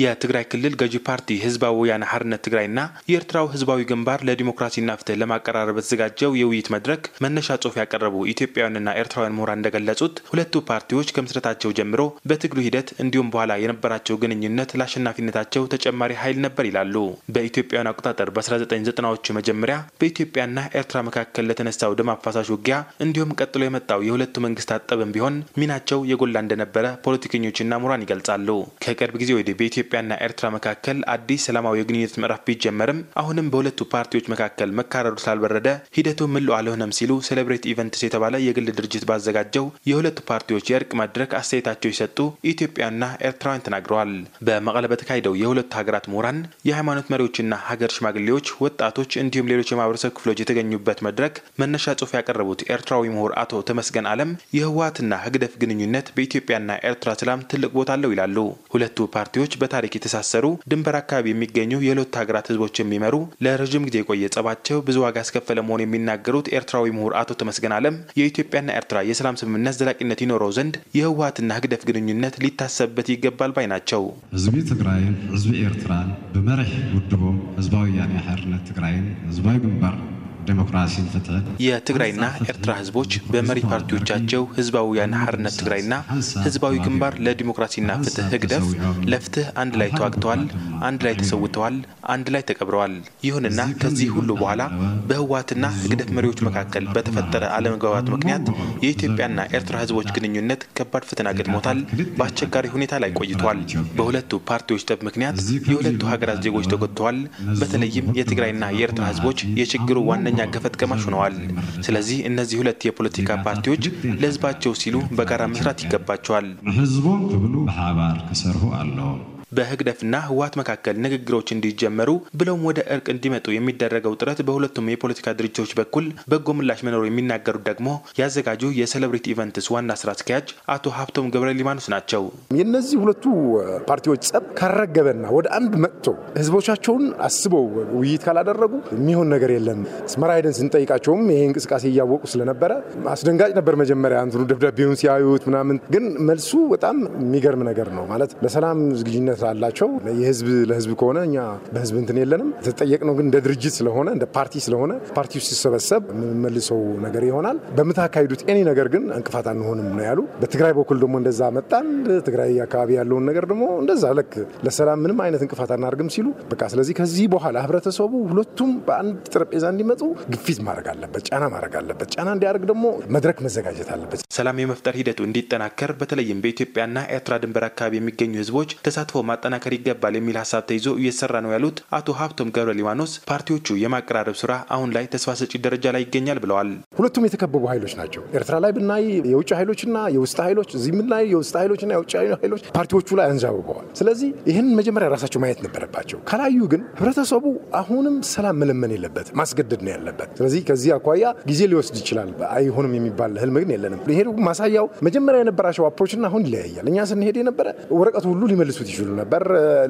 የትግራይ ክልል ገዢ ፓርቲ ህዝባዊ ወያነ ሓርነት ትግራይና የኤርትራው ህዝባዊ ግንባር ለዲሞክራሲና ፍትህ ለማቀራረብ የተዘጋጀው የውይይት መድረክ መነሻ ጽሁፍ ያቀረቡ ኢትዮጵያውያንና ኤርትራውያን ምሁራን እንደገለጹት ሁለቱ ፓርቲዎች ከምስረታቸው ጀምሮ በትግሉ ሂደት እንዲሁም በኋላ የነበራቸው ግንኙነት ለአሸናፊነታቸው ተጨማሪ ኃይል ነበር ይላሉ። በኢትዮጵያውያን አቆጣጠር በ1990ዎቹ መጀመሪያ በኢትዮጵያና ኤርትራ መካከል ለተነሳው ደም አፋሳሽ ውጊያ እንዲሁም ቀጥሎ የመጣው የሁለቱ መንግስታት ጠብም ቢሆን ሚናቸው የጎላ እንደነበረ ፖለቲከኞችና ምሁራን ይገልጻሉ። ከቅርብ ጊዜ ወዲህ በኢትዮጵያና ኤርትራ መካከል አዲስ ሰላማዊ የግንኙነት ምዕራፍ ቢጀመርም አሁንም በሁለቱ ፓርቲዎች መካከል መካረሩ ስላልበረደ ሂደቱ ምሉ አልሆነም ሲሉ ሴሌብሬት ኢቨንትስ የተባለ የግል ድርጅት ባዘጋጀው የሁለቱ ፓርቲዎች የእርቅ መድረክ አስተያየታቸው የሰጡ ኢትዮጵያና ኤርትራውያን ተናግረዋል። በመቀለ በተካሄደው የሁለቱ ሀገራት ምሁራን፣ የሃይማኖት መሪዎችና ሀገር ሽማግሌዎች፣ ወጣቶች እንዲሁም ሌሎች የማህበረሰብ ክፍሎች የተገኙበት መድረክ መነሻ ጽሑፍ ያቀረቡት ኤርትራዊ ምሁር አቶ ተመስገን አለም የህወሀትና ህግደፍ ግንኙነት በኢትዮጵያና ኤርትራ ሰላም ትልቅ ቦታ አለው ይላሉ። ሁለቱ ፓርቲዎች በታሪክ የተሳሰሩ ድንበር አካባቢ የሚገኙ የሁለት ሀገራት ህዝቦች የሚመሩ ለረዥም ጊዜ የቆየ ጸባቸው ብዙ ዋጋ ያስከፈለ መሆኑ የሚናገሩት ኤርትራዊ ምሁር አቶ ተመስገን አለም የኢትዮጵያና ኤርትራ የሰላም ስምምነት ዘላቂነት ይኖረው ዘንድ የህወሀትና ህግደፍ ግንኙነት ሊታሰብበት ይገባል ባይ ናቸው። ህዝቢ ትግራይን ህዝቢ ኤርትራን ብመርሕ ውድቦም ህዝባዊ ወያነ ሓርነት ትግራይን ህዝባዊ ግንባር ዲሞክራሲ ፍትህ የትግራይና ኤርትራ ህዝቦች በመሪ ፓርቲዎቻቸው ህዝባዊያን ሓርነት ትግራይና ህዝባዊ ግንባር ለዲሞክራሲና ፍትህ ህግደፍ ለፍትህ አንድ ላይ ተዋግተዋል፣ አንድ ላይ ተሰውተዋል፣ አንድ ላይ ተቀብረዋል። ይሁንና ከዚህ ሁሉ በኋላ በህወሀትና ህግደፍ መሪዎች መካከል በተፈጠረ አለመግባባት ምክንያት የኢትዮጵያና ኤርትራ ህዝቦች ግንኙነት ከባድ ፈተና ገጥሞታል፣ በአስቸጋሪ ሁኔታ ላይ ቆይቷል። በሁለቱ ፓርቲዎች ጠብ ምክንያት የሁለቱ ሀገራት ዜጎች ተጎድተዋል። በተለይም የትግራይና የኤርትራ ህዝቦች የችግሩ ዋነኛ ፈቃደኛ ገፈት ቀማሽ ሆነዋል። ስለዚህ እነዚህ ሁለት የፖለቲካ ፓርቲዎች ለህዝባቸው ሲሉ በጋራ መስራት ይገባቸዋል። ንህዝቦም ክብሉ ሀባር ክሰርሑ አለው በህግደፍና ህወሀት መካከል ንግግሮች እንዲጀመሩ ብለውም ወደ እርቅ እንዲመጡ የሚደረገው ጥረት በሁለቱም የፖለቲካ ድርጅቶች በኩል በጎ ምላሽ መኖሩ የሚናገሩት ደግሞ ያዘጋጁ የሴሌብሪቲ ኢቨንትስ ዋና ስራ አስኪያጅ አቶ ሀብቶም ገብረ ሊማኖስ ናቸው። የነዚህ ሁለቱ ፓርቲዎች ጸብ ካረገበና ወደ አንድ መጥቶ ህዝቦቻቸውን አስበው ውይይት ካላደረጉ የሚሆን ነገር የለም። አስመራ ሄደን ስንጠይቃቸውም ይሄ እንቅስቃሴ እያወቁ ስለነበረ አስደንጋጭ ነበር። መጀመሪያ እንትኑ ደብዳቤውን ሲያዩት ምናምን፣ ግን መልሱ በጣም የሚገርም ነገር ነው ማለት ለሰላም ዝግጅነት አላቸው። የህዝብ ለህዝብ ከሆነ እኛ በህዝብ እንትን የለንም። ተጠየቅነው ግን እንደ ድርጅት ስለሆነ እንደ ፓርቲ ስለሆነ ፓርቲው ሲሰበሰብ የምንመልሰው ነገር ይሆናል። በምታካሂዱት ኤኒ ነገር ግን እንቅፋት አንሆንም ነው ያሉ። በትግራይ በኩል ደግሞ እንደዛ መጣን። ትግራይ አካባቢ ያለውን ነገር ደግሞ እንደዛ ልክ ለሰላም ምንም አይነት እንቅፋት አናደርግም ሲሉ በቃ ስለዚህ ከዚህ በኋላ ህብረተሰቡ ሁለቱም በአንድ ጠረጴዛ እንዲመጡ ግፊት ማድረግ አለበት፣ ጫና ማድረግ አለበት። ጫና እንዲያደርግ ደግሞ መድረክ መዘጋጀት አለበት። ሰላም የመፍጠር ሂደቱ እንዲጠናከር በተለይም በኢትዮጵያና ኤርትራ ድንበር አካባቢ የሚገኙ ህዝቦች ተሳትፎ ማጠናከር ይገባል የሚል ሀሳብ ተይዞ እየተሰራ ነው ያሉት አቶ ሀብቶም ገብረ ሊባኖስ ፓርቲዎቹ የማቀራረብ ስራ አሁን ላይ ተስፋ ሰጪ ደረጃ ላይ ይገኛል ብለዋል። ሁለቱም የተከበቡ ኃይሎች ናቸው። ኤርትራ ላይ ብናይ የውጭ ኃይሎችና የውስጥ ኃይሎች፣ እዚህ ብናይ የውስጥ ኃይሎችና የውጭ ኃይሎች ፓርቲዎቹ ላይ አንዣብበዋል። ስለዚህ ይህን መጀመሪያ ራሳቸው ማየት ነበረባቸው። ካላዩ ግን ህብረተሰቡ አሁንም ሰላም መለመን የለበት ማስገደድ ነው ያለበት። ስለዚህ ከዚህ አኳያ ጊዜ ሊወስድ ይችላል። አይሆንም የሚባል ህልም ግን የለንም። ይሄ ማሳያው መጀመሪያ የነበራቸው አፕሮችና አሁን ይለያያል። እኛ ስንሄድ የነበረ ወረቀቱ ሁሉ ሊመልሱት ይችሉ ነበር።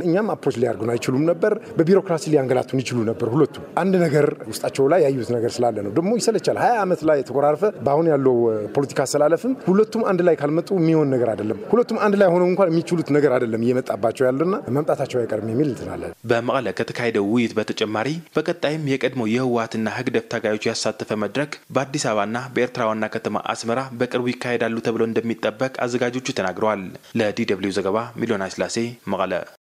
እኛም አፕሮች ሊያርጉን አይችሉም ነበር። በቢሮክራሲ ሊያንገላቱን ይችሉ ነበር። ሁለቱ አንድ ነገር ውስጣቸው ላይ ያዩት ነገር ስላለ ነው። ደግሞ ይሰለቻል። ሀያ ዓመት ላይ የተቆራረፈ በአሁን ያለው ፖለቲካ አሰላለፍም ሁለቱም አንድ ላይ ካልመጡ የሚሆን ነገር አይደለም። ሁለቱም አንድ ላይ ሆነው እንኳን የሚችሉት ነገር አይደለም እየመጣባቸው ያለና መምጣታቸው አይቀርም የሚል እንትናለን። በመቀለ ከተካሄደው ውይይት በተጨማሪ በቀጣይም የቀድሞ የህወሀትና ህግደፍ ታጋዮች ያሳተፈ መድረክ በአዲስ አበባና በኤርትራ ዋና ከተማ አስመራ በቅርቡ ይካሄዳሉ ተብሎ እንደሚጠበቅ አዘጋጆቹ ተናግረዋል። ለዲ ደብልዩ ዘገባ ሚሊዮን አስላሴ مغلاء